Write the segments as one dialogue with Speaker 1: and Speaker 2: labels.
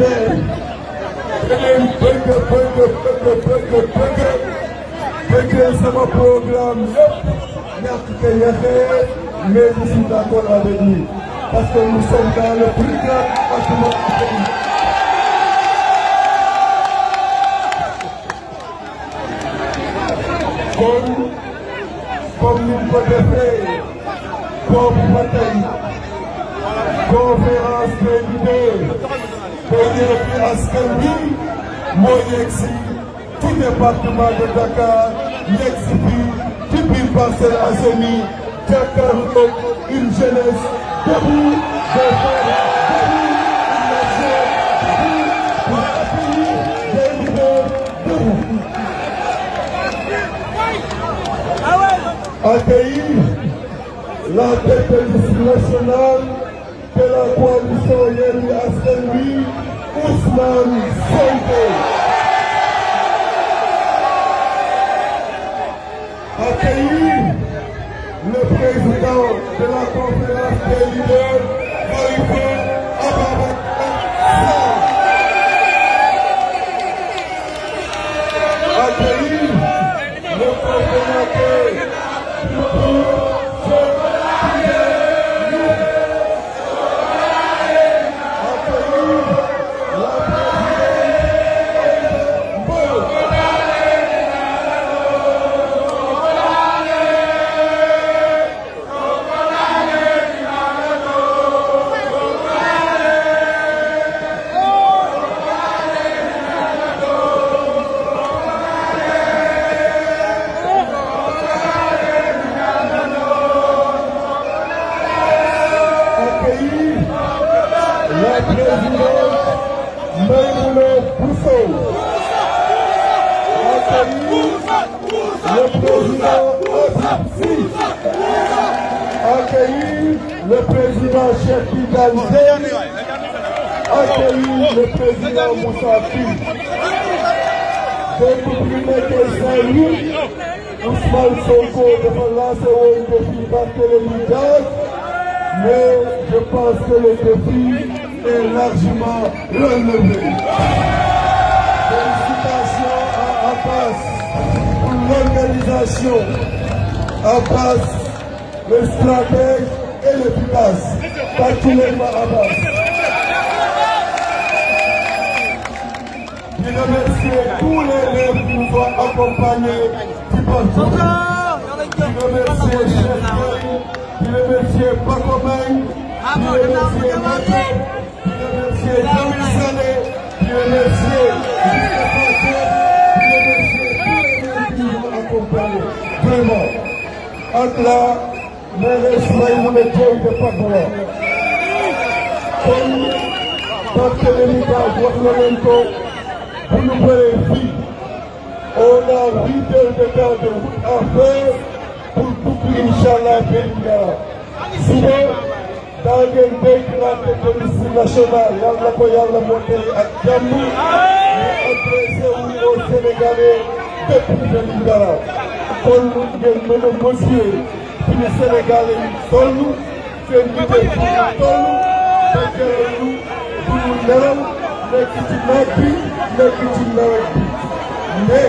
Speaker 1: ne da ngeen bëgg bëgg bëgg bëgg bëgg bëggee sama programme yëpp ñàkk ko yéexee mais je suis d'accord avec lui parce que nous sommes dans le plus grand département du pays. kon comme ni mu ko defee kooku ba tey conférence dajale fi askan wi moo yegg si ci département de Dakar yegg si fii ci biir Parcelles Assainies jàkkaarloog une jeunesse debout des femmes debout une nation debout pour accueillir
Speaker 2: des leaders debout.
Speaker 1: Accueillir la tête de liste nationale de la coalition Yewwi Askan Wi. Ousmane Sonko.
Speaker 2: Accueillir le président de la conférence des leaders, Marie
Speaker 1: stratège et efficace, particulièrement à base. Je remercie tous les élèves qui nous ont accompagnés du parti. Je remercie Chef je remercie Pacomène, je remercie Mathieu, je remercie Jean-Michel Salé, je remercie je remercie tous les élèves qui nous ont accompagnés. Vraiment, entre là, Mene Souleymane Diop Pador kon Barthélémy Dias wax na leen ko bu ñu bëree fii on a huit heures de temps de route à faire pour doubler incha allah Vélingara suba daa ngeen dégg la tête de liste nationale yàlla ko yàlla mottali ak jàmm ñu adressé wu au Sénégalais depuis Vélingara kon ngeen mën a ne Sénégal yi toll seen liggéey bu ñu toll fekkeelu bu ñu nelaw nekk ci naaj bi nekk ci nawet bi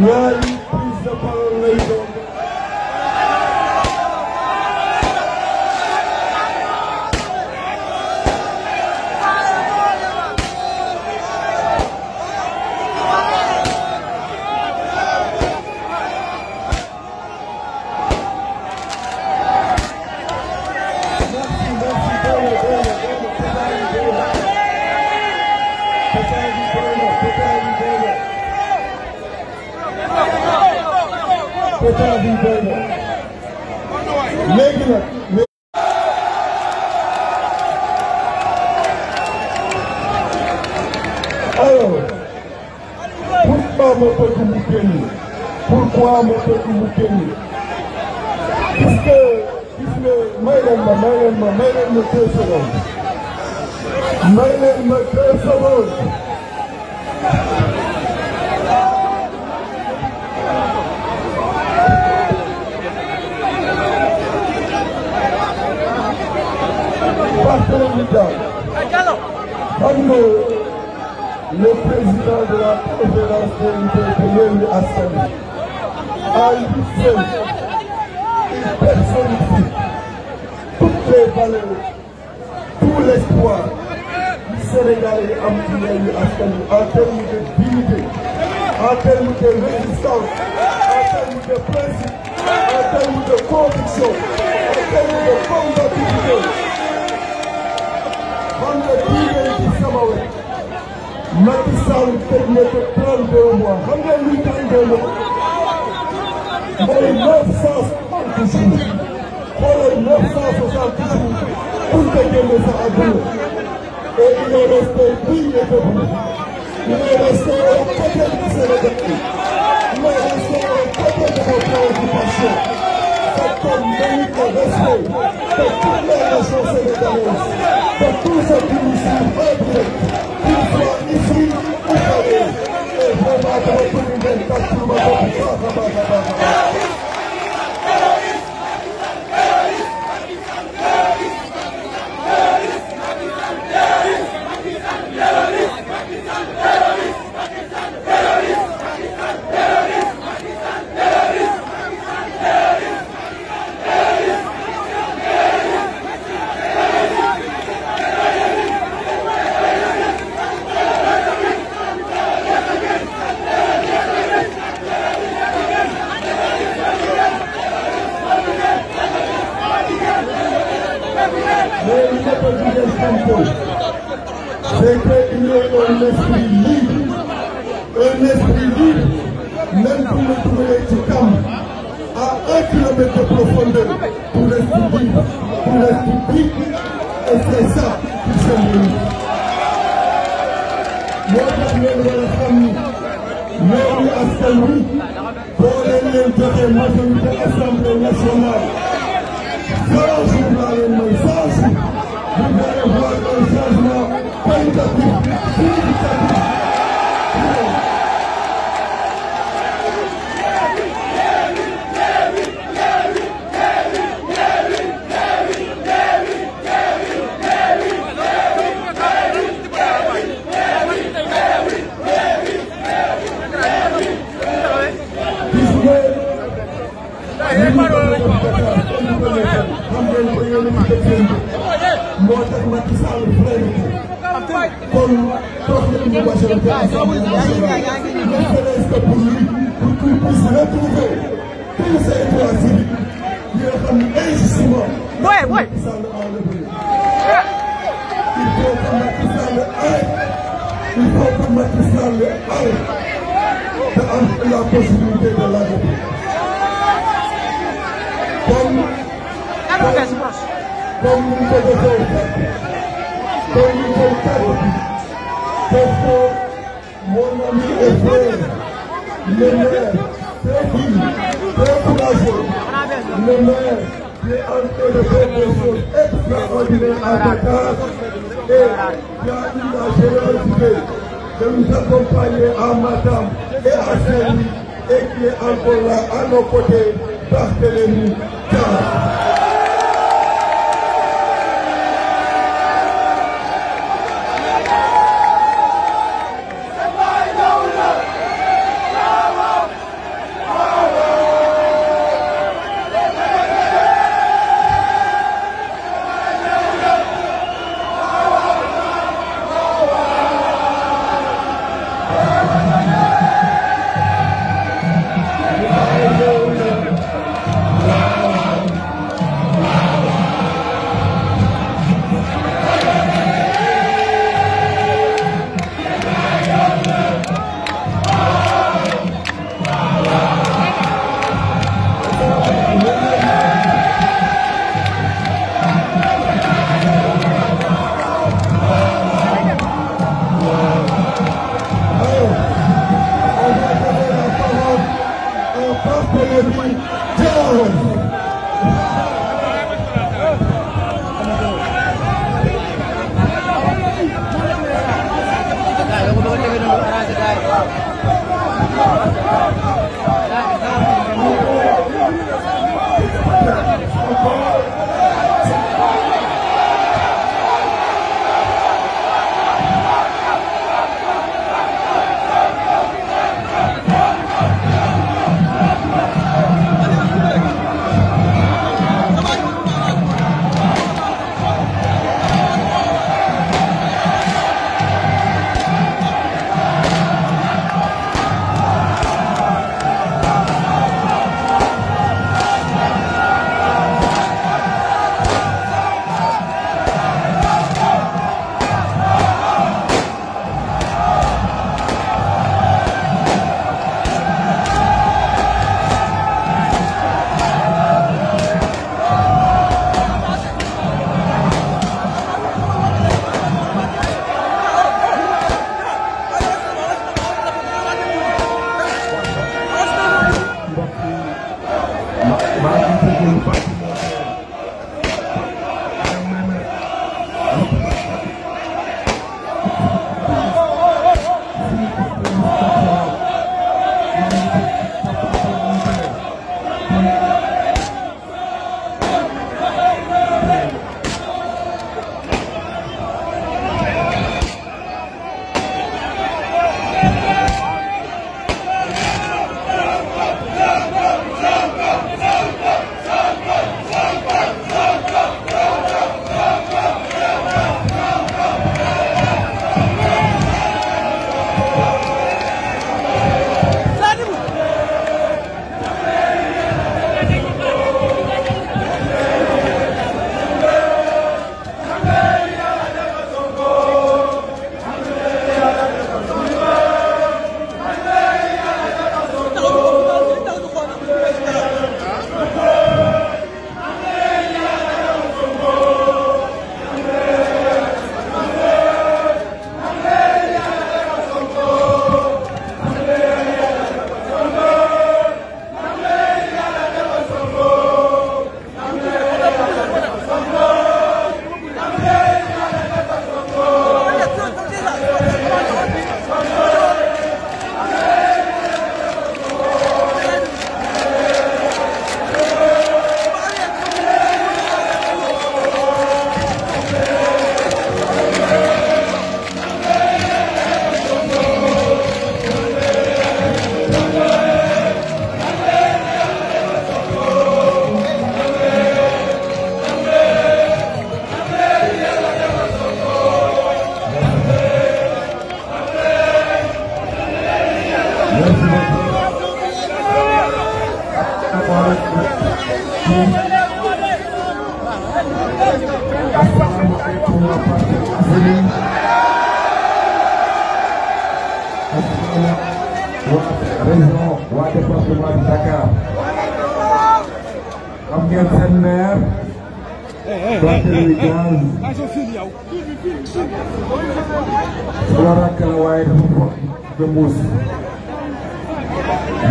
Speaker 1: ñaari prise de parole lay doon état moo dégg mu génn puisque may leen ma may leen ma may leen ma deux secondes may leen ma deux secondes Barthélémy Dias le président la conférence des leaders de Yewwi à lui seul. Il personnifie toutes les valeurs, tout l'espoir du Sénégalais am ci Yewwi Askan Wi en termes de dignité, en termes de résistance, en termes de principe, en termes de conviction, en termes de combativité. Man de kii ngeen ci sama wet. Macky Sall teg na ko 32 mois xam ngeen luy 32 mois. xoolal 970 xoolal 970 pour que génne sa àdduna et il est resté digne de peuple il est resté aux
Speaker 2: côtés du Sénégal il est resté aux côtés de vos préoccupations cet homme mérite le respect de toutes les nations sénégalaises de tous ceux qui nous suivent en direct qu'ils soient ici ou ailleurs vraiment damay bëgg ngeen tas pour ma bopp baax a baax a baax
Speaker 1: Saint-Louis et qui est encore là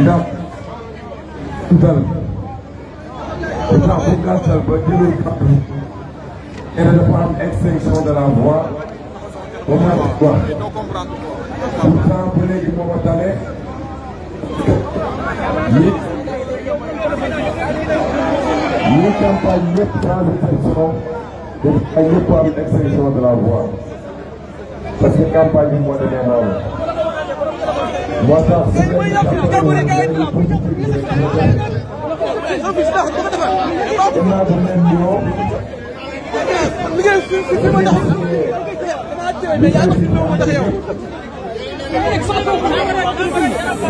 Speaker 1: ndax tutal lu tax bu gàttal ba jëlul kàddu et dafa am extinction de la voix ba ma wax pourtant ba léegi moo ma tane nit ñi campagne ñëpp transition def ay ñëpp am extinction de la voix parce que campagne bi moo demee noonu moo tax su dee gannaaw bu leen di woo.
Speaker 2: dañ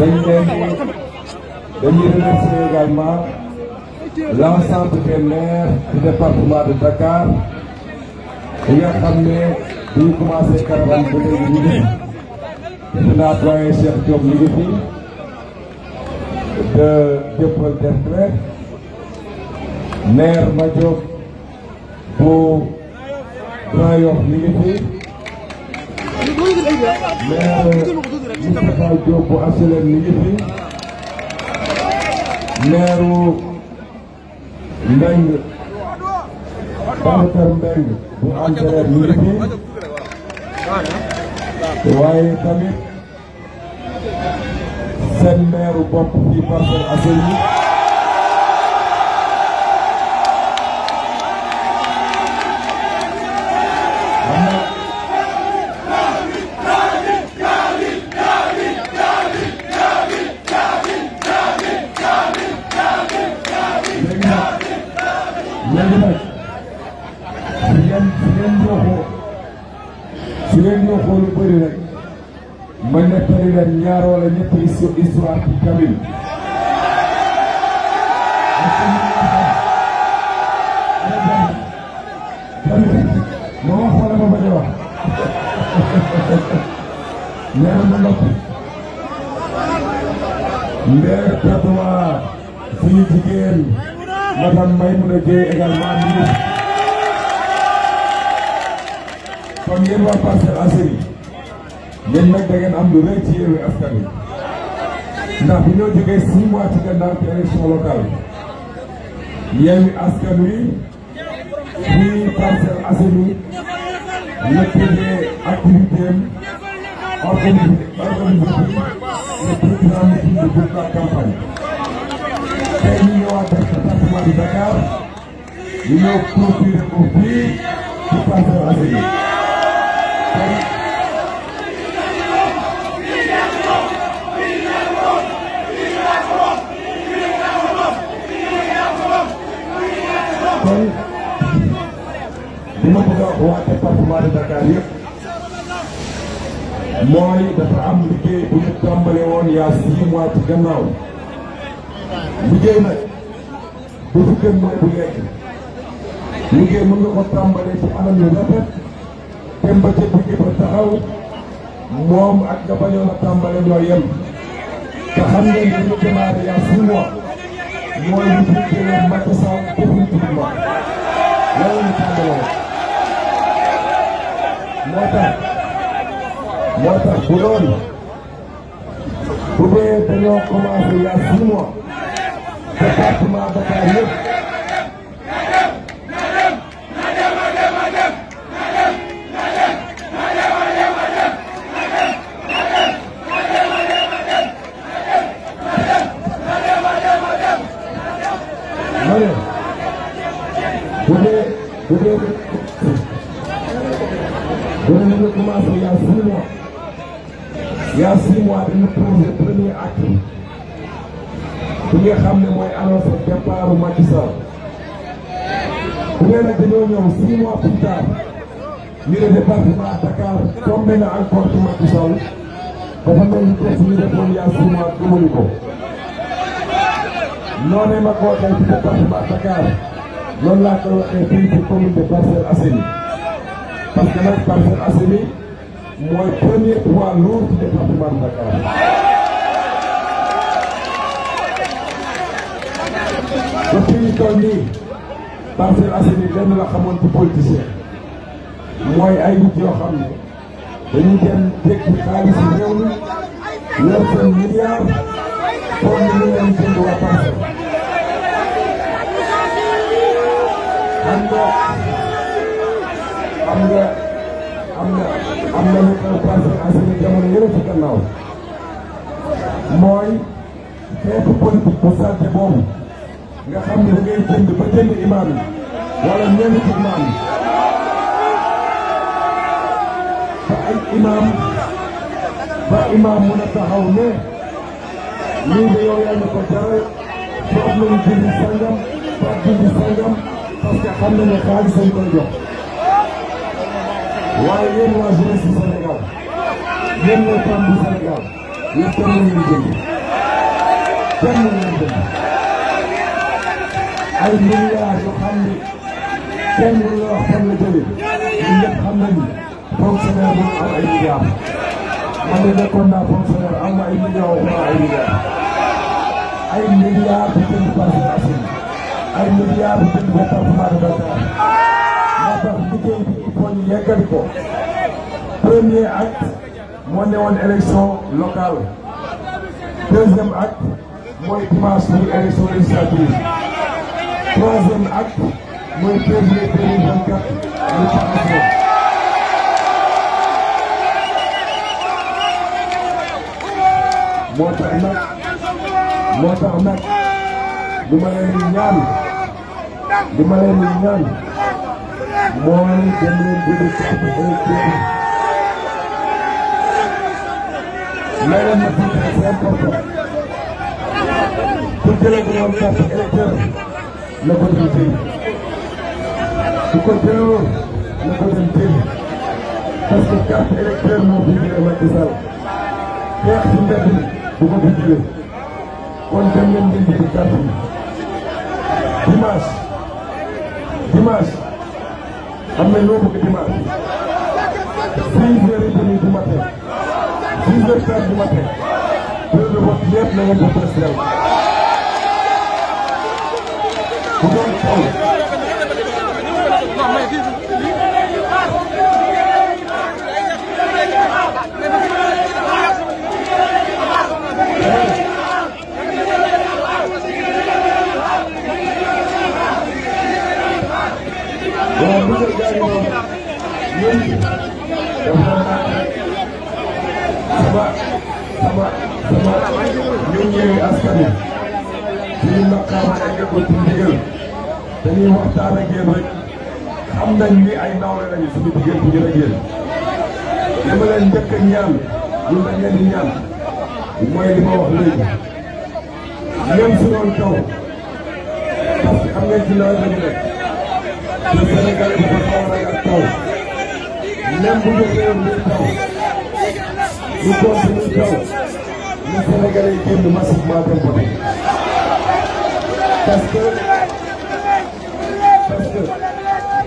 Speaker 2: leen
Speaker 1: dañuy remercier également l'ensemble des maires du département de Dakar yi nga xam ne bi ñu commencé caravane ba léegi ñu ngi defe naa doyen Cheikh Diop mi ngi fi de Dieuppeul Derklé maire Madiop bu Grand Yoff mi ngi fi maire Moustapha bu Asilem mi ngi fi maire Mbengue Babacar bu Antereer mi waaye tamit seen meeru bopp ci Parcelles Assainies kon ngeen waa Parcelles Assainies yéen am lu rëy ci Yewwi Askan Wi ndax bi ñoo jógee six mois ci gànnaaw ci élection locale Yewwi Askan Wi fii Parcelles Assainies lëkkalee activité am organisé organisé le président meeting de kon li ma bëgg wax waa département de Dakar yëpp mooy dafa am liggéey bu ñu woon yaa six mois ci gannaaw liggéey nag bu fi gën bu lekk liggéey mën ko tàmbale ci anam yu rafet dem ba ca digg ba taxaw moom ak nga bañoon a tàmbale ñoo yem te xam ngeen ni ñu démarré yaa six mois mooy lu fi jëlee Macky Sall définitivement loolu la ñu tàmbaloon moo tax moo tax bu loolu bu dee dañoo commencé yaa six mois département Dakar yëpp posé premier acte bi nga xam ne mooy annoncé départu Macky Sall bu dee nag dañoo ñëw six mois plus tard ñu ne département Dakar tombé na encore ci Macky Sall dafa mel ni test ñu defoon yaa six mois gëmuñu ko noonee ma ko waxee ci département Dakar loolu laa ko waxee fii ci commune de Parcelles Assainies parce que nag Parcelles Assainies mooy premier poids lourd ci département de Dakar. ba fi ñu toll nii Parcelles Assainies lenn la xamoon ci politicien mooy ay nit yoo xam ne dañuy dem tekki xaalis yi réew mi yor seen milliard pour ñu leen jënd waa parcelle. xam
Speaker 2: nga xam
Speaker 1: nga. am na mooy xeetu politique bu salté nga xam ne da jënd ba jënd imaam yi wala ñenn ci ay imaam ba imaam mun a taxaw ne lii de yow yaa ñu ko jaral foofu nañu jëndi sangam foofu jëndi sangam parce que xam nañu ne xaalis lañ koy jox. waaye yéen waa jeunesse du Sénégal yéen les femmes du Sénégal yéen kenn ngeen jënd kenn ngeen jënd ay milliards yoo xam ne kenn du la wax fan la jëlee ñun ñëpp xam nañu fonctionnaire bu am ay milliards man de nekkoon naa fonctionnaire am ay milliards wala ay milliards ay milliards bu jënd Parcelles Assainies ay milliards bu jënd département de Dakar moo tax liggéey bi jàppoon ñu yeggati ko premier acte moo newoon élection locale deuxième acte mooy dimanche pour élection législative troisième acte mooy février 2024 ñu taxaw moo tax nag moo tax nag li ma leen di ñaan li ma leen di ñaan mooy dem leen déglu ci suñu électeur yi. loolu nag c'est important. pour jëlee bu ñoom carte électeur la ko dem jëli. su ko jëloo la ko dem jëli. parce que carte électeur moo fi jëlee Macky Sall. xeex si mbedd am na ñoo bëgg dimanche six heures du matin six heures du matin bureau de vote yëpp na ngeen ko présidé bu doon sama sama sama ñun ñëwee askan wi suñu maqaama ay yëngu ci ndigal dañuy waxtaan ak yéen rek xam nañ ni ay nawle lañu suñu diggante ñu ak yéen. li ma leen njëkk a ñaan lu ma leen di ñaan li ma wax léegi même su doon taw parce que xam ngeen ci nawet la Sénégal dafa xaw a ragal taw même bu ñu réew mi taw lu continue taw na Sénégalais yi génn massivement dem voter parce que parce que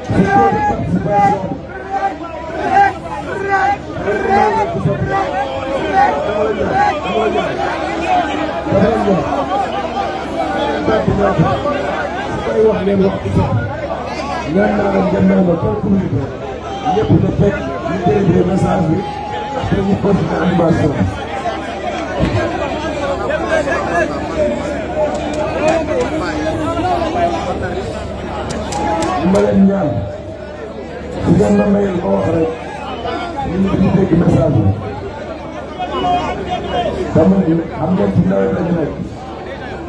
Speaker 1: ce taux
Speaker 2: de participation dama leen wax
Speaker 1: ne wax ñaan naa leen dem naa la communauté ñëpp na fekk ñu déggee message bi après ñu continuer animation bi ma leen ñaan su ngeen ma mayal ma wax rek ñu dégg message bi dama ne xam ngeen ci nawet lañu nekk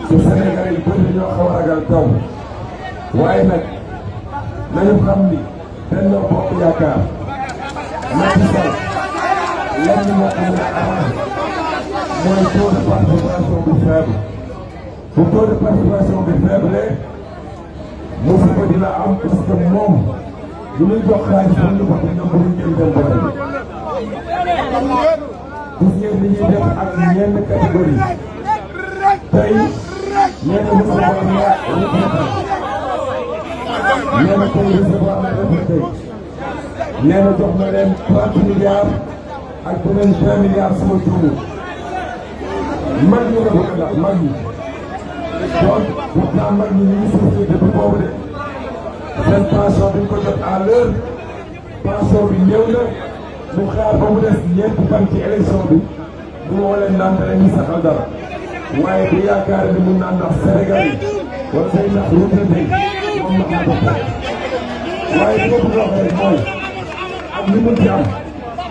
Speaker 1: te Sénégal yi bëri ñoo xaw a ragal taw waaye nag nañu xam ni Benno Bokk Yaakaar Macky Sall lenn moo ko mën a arrangé mooy taux de participation bu faible bu taux de participation bi faible musiba dina am parce que moom lu muy jox xaalis bu ñu ko te ñoom bu ñu jël dem boole bi gis ngeen li ñuy def ak ñenn catégorie tey ñenn ñu ko war a retraité nee na tey recevoir na résultat yi nee na jox na leen trente milliards ak beneen vingt milliards sama tuuru mag ñi nga bëgg la mag ñi donc pourtant mag ñi ñu ngi souffrir depuis boobu de seen pension bi ñu ko jot à l'heure pension bi ñëw na mu xaar ba mu des ñeenti fan ci élection bi bu ma wane naan dara ñu saxal dara waaye bu yaakaar ni mun naa ndax Sénégal yi wala day ndax lu moom la ko waaye li ma bëgg a wax rek mooy ak li mu jàmm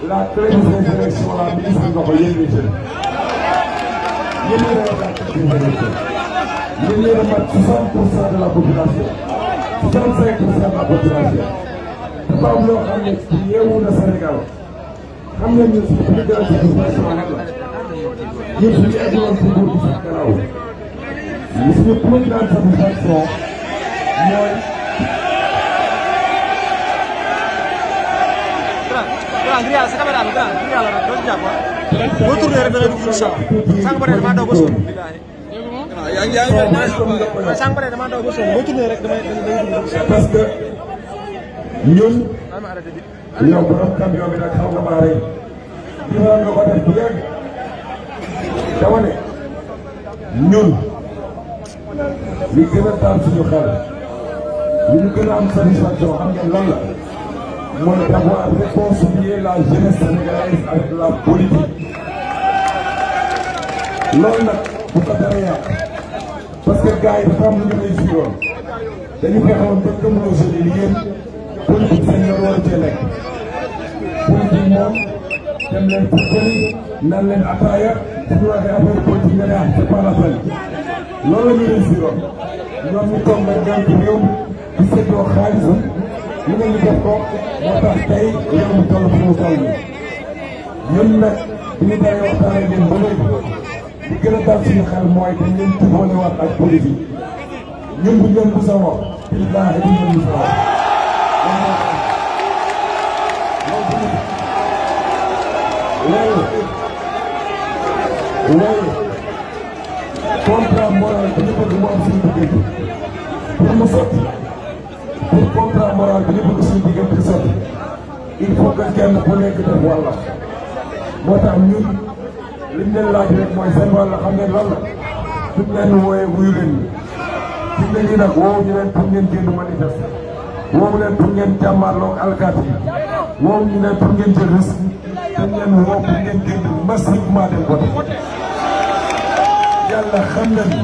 Speaker 1: la treize élection la ministre nga ko yéen ñi jël yéen ñi rek la treize élection yéen ñi rek mat soixante pour cent de la population soixante cinq pour cent de la population dafa am loo xam ne ci yeewu na Sénégal xam nga ñun suñu plus grande situation rek la ñun suñu émission si nguur gi sax gannaaw suñu plus grande satisfaction mooy. boo tourné rek da ngay dugg incha allah sànq ba tey damaa daw ba sonn
Speaker 2: yaa ngi yaa ngi sànq ba tey
Speaker 1: damaa daw ba sonn boo tourné rek damay parce que ñun. yow borom camion bi nag xam nga maa rey. dinaa nga ko def bu yàgg. dama ne ñun. li gën a taal suñu xel. li ñu gën a am satisfaction xam ngeen lan la mooy d'avoir réconcilié la jeunesse sénégalaise avec la politique loolu nag bu ko parce que gars yi dafa am lu ñu réussiroon dañu fexoon ba gëmloo jeunes yi yéen politique seen yoon waru cee nekk moom dem leen pour bëri naan leen attaaya suñu waxee ne ah ñu réussiroon ñoom ñu toog nag gàncax di seetloo xaalisam lu nga ñu def ko moo tax tey réew mi toll mu toll nii. ñun nag bi ñu paree waxtaan ak yéen ba léegi gën a dal suñu xel mooy dañ leen di boole wax ak politique ñun bu ñu leen mës a wax président bi ñu leen loolu loolu kenn ku nekk def walla moo tax ñun liñ leen laaj rek mooy seen walla xam ngeen lan la suñ leen wooyee wuyu leen ñu suñ leen ñu nag woowu ñu leen pour ngeen génn manifeste woowu leen pour ngeen jàmmarloo alkaati yi woowu ñu leen pour ngeen jël risque dañ leen woo pour ngeen génn massivement yàlla xam na ni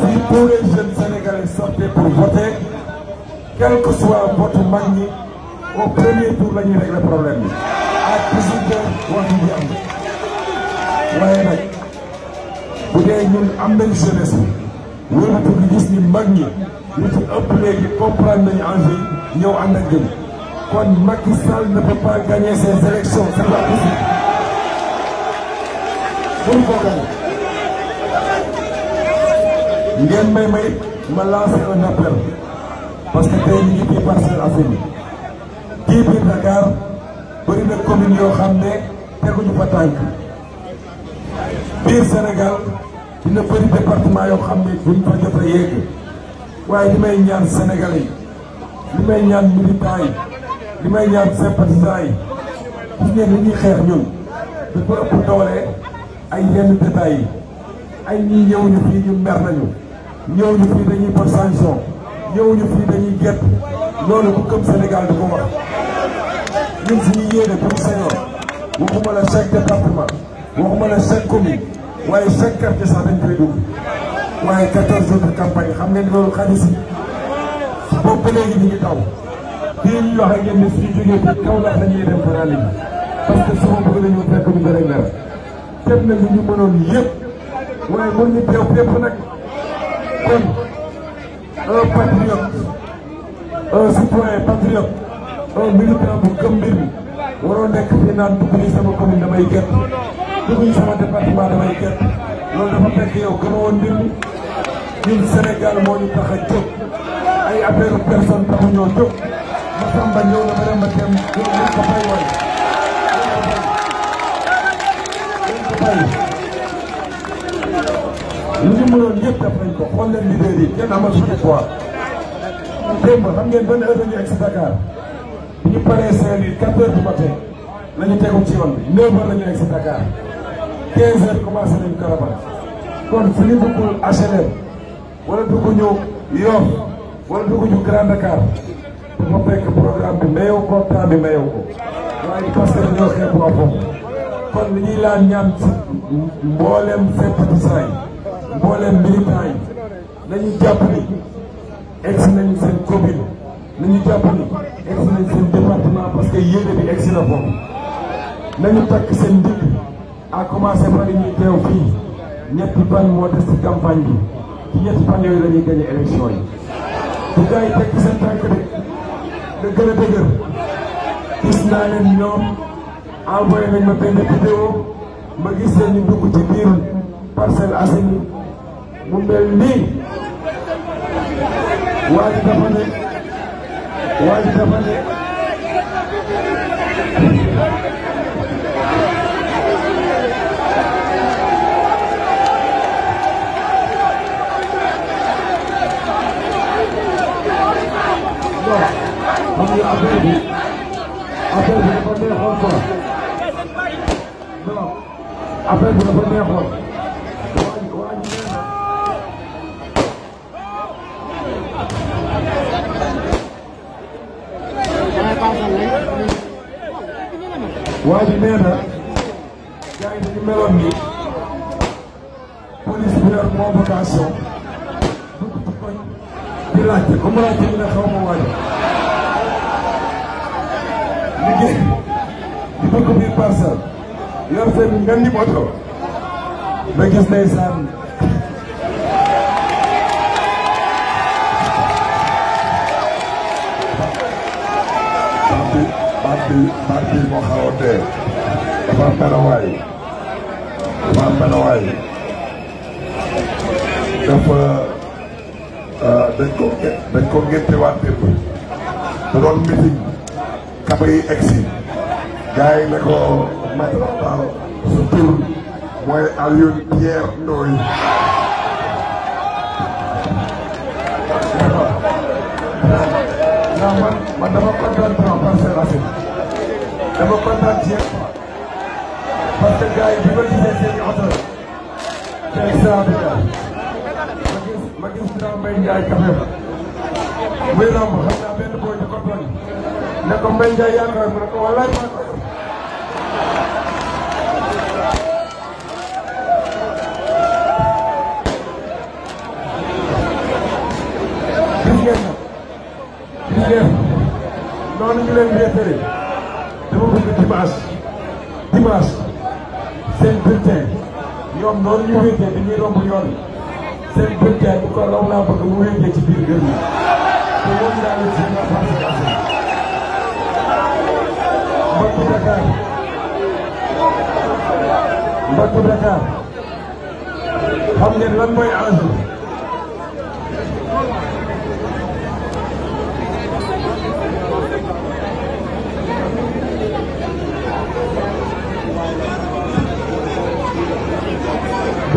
Speaker 1: si tous les jeunes sénégalais sortaient pour voter quel que soit mag ñi au premier tour la ñuy régler problème bi ak 18h waxtu bi am waaye nag bu dee ñun am nañ jeunesse bi wëratu di gis ni mag ñi ñu ci ëpp léegi comprendre nañu enjeu yi ñëw ànd ak gën kon Macky Sall ne peut pas gagner ces élections c'est pas possible pour ngeen may may ma lancer un appel parce que tey ñu ngi fii Parcelles Assainies fii biir Dakar bëri na commune yoo xam ne teguñu fa tànk biir Sénégal dina bëri département yoo xam ne duñ fa jot a yegg waaye li may ñaan Sénégalais yi li may ñaan militants yi li may ñaan sympathisants yi gis ngeen li ñuy xeex ñun dafa ëpp doole ay yenn détails yi ay ñii ñëwuñu fii ñu mer nañu ñëwuñu fii dañuy pour sanction ñëwuñu fii dañuy gert loolu ku gëm Sénégal di ko ñun suñu yéene bu ñu sañoon waxuma la chaque département waxuma la chaque commune waaye chaque quartier sax dañ koy waaye quatorze jours campagne xam ngeen loolu xaalis yi léegi ñu ngi taw bii ñu taw la dañuy dem nag kon un patriote un citoyen patriote un militant bu gëm waroo nekk fii naan sama commune damay gert dugg nii sama département damay gert loolu dafa fekk Sénégal moo ñu jóg ay affaire personne taxu ñoo jóg Massamba ñëw na ma dem ñun ko fay woon ko fay lu ñu mënoon yëpp ko xool leen leader kenn amatul ci quoi démb xam ngeen ban heure la ñu egg ñu paree Saint-Louis quatre heures du matin la ñu ci yoon bi neuf heures la si Dakar quinze heures commencé nañu caravane kon fu ñu H&M, wala dugg ñu Yoff wala dugg ñu Grand Dakar dafa fekk programme bi mayew ko temps bi ko waaye parce que dañoo xeeb waa kon li laan ñaan ci mboolem sympathisants mboolem militants yi nañu jàpp ni nañu seen commune nañu jàpp ni egsi nañ seen département parce que yéene bi egsi na foofu nañu takk seen ndigg à commencer par ñu teew fii ñetti ban moo des ci campagne bi ci ñetti fan yooyu la ñuy yi bu gars yi seen tànk de da a dëgër gis naa leen ñoom envoyé ma benn vidéo ma gis leen dugg ci biir Parcelles Assainies mu mel nii waa dafa ne waaye dafa ne xam nga affaire bi affaire bi dafa neexoon quoi non affaire bi dafa neexoon waa ji nee na gars yi dañu meloon ni police bi yor convocation dugg ci koñ di laajte ba mu laajte ñu ne xaw ma waa ji liggéey di bëgg biir parcelle yor seen ngandi moto baat bi baat moo xaw a tee dafa am benn dafa euh, dañ ko dañ ko ngéntewaat démb da doon egsi gars yi ko maître Abdal sa tur mooy Alioune Pierre Ndoye dama kontaan ci yéen parce que gars yi bi ma gisee seen i oto c'est ma gis ma gis Birame Mbaye Ndiaye café ba muy romb xam naa benn booy di ko tooñ ko Mbaye Ndiaye yaa ngi mu ko walaay maa ko gis ngeen nag gis ngeen noonu ñu dama bëgg dimanche dimanche seen bulletin ñoom noonu ñu wéetee dañuy romb yoon seen bulletin bu ko raw laa bëgg mu wéetee ci biir gër yi te moom laa leen seen participation mbokku Dakar mbokku Dakar xam ngeen lan mooy enjeu déedéet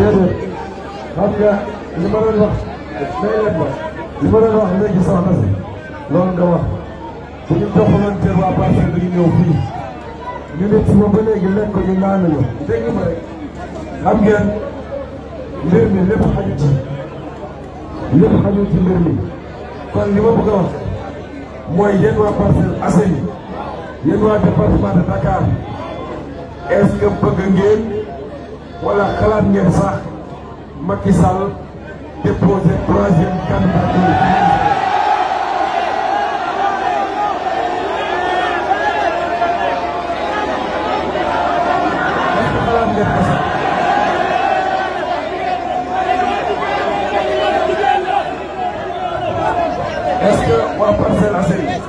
Speaker 1: xam nga li ma doon leen wax li ma doon wax léegi soxna si loolu nga wax bu ñu doxalante waa parce que dañu ñëw fii ñu nit si ma ba léegi lekk ñu naan ñu dégg ma rek xam ngeen mbir mi lépp xaju ci lépp xaju ci mbir mi kon mooy yéen waa Parcelles Assainies yéen waa département de Dakar est-ce que bëgg wala xalaat ngeen sax Macky Sall déposer troisième candidature. est-ce que waa Parcelles Assainies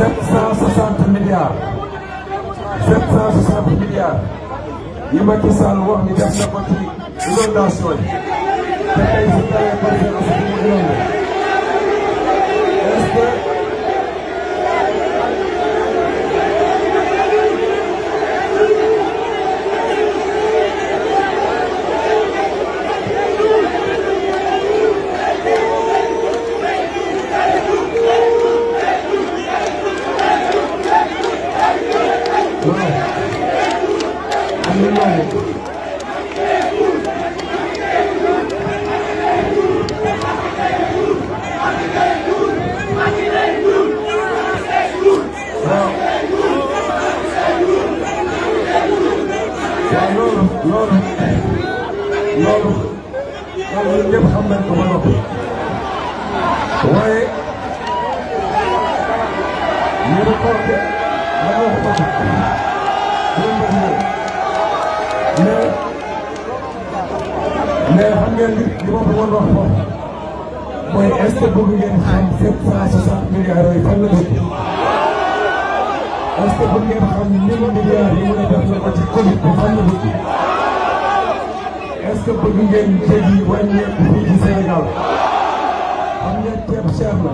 Speaker 1: 760 milliards 760 milliards yi Macky Sall wax ni def na ko ci inondation yi te tey su tawee bëri na ko loolu loolu loolu ñëpp xam nañ ko ba noppi waaye ñu ne porte la nga wax ko mais mais xam ngeen ni li ma bëggoon wax foofu mooy est ce que bëgg ngeen xam sept cent soixante milliards yi fan la dëkk est-ce que bu ngeen xam ni milliards yi mën a def la ko ci Covid bi fan la dugg est-ce que bëgg ngeen ceeb yi wàññeeku fii ci Sénégal xam ngeen ceeb cher na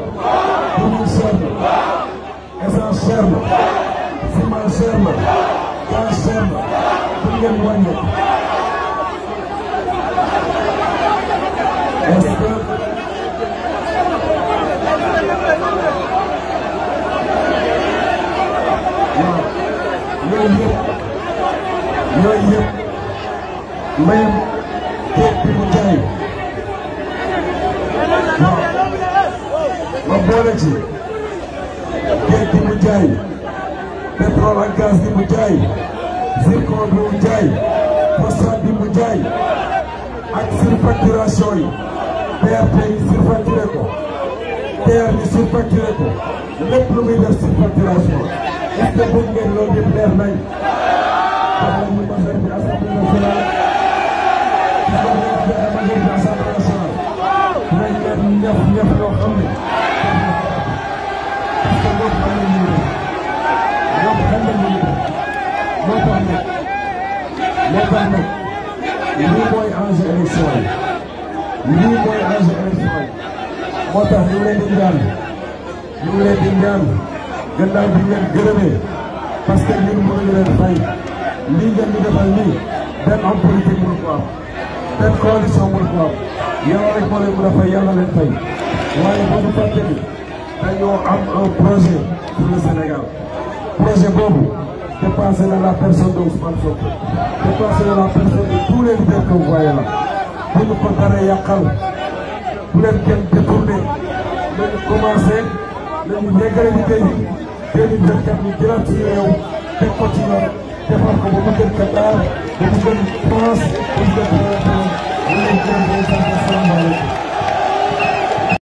Speaker 1: dugub cher na
Speaker 2: essence cher na ciment cher na gaz
Speaker 1: ma boole ci géej mu jaay pétrole ak gaz mu jaay zircon bi mu jaay phosphate mu jaay ak surfacturation yi BRT yi surfacturé ko TER yi surfacturé ko lépp lu muy def surfacturation est-ce que bëgg ngeen loolu yëpp émission yi lii mooy enjeu émission yi moo tax ñu ngi leen di ñaan ñu ngi leen di ñaan gannaaw bi ngeen gërëmee parce que ñun mënuñu leen fay lii ngeen di defal nii benn homme politique mënu ko am benn coalition mënu ko am yàlla rek moo leen mën a fay yàlla leen fay waaye bu ñu fàtte ni dañoo am un projet pour le Sénégal projet boobu dépassé na la personne de Ousmane Sonko dépassé na la personne de tous les leaders que vous voyez là bu ñu ko dara yàqal bu leen kenn détourné nañu commencé nañu yeggale liggéey bi deux mille vingt quatre ñu jëlaat suñu réew teg ko mu gën Qatar ba mu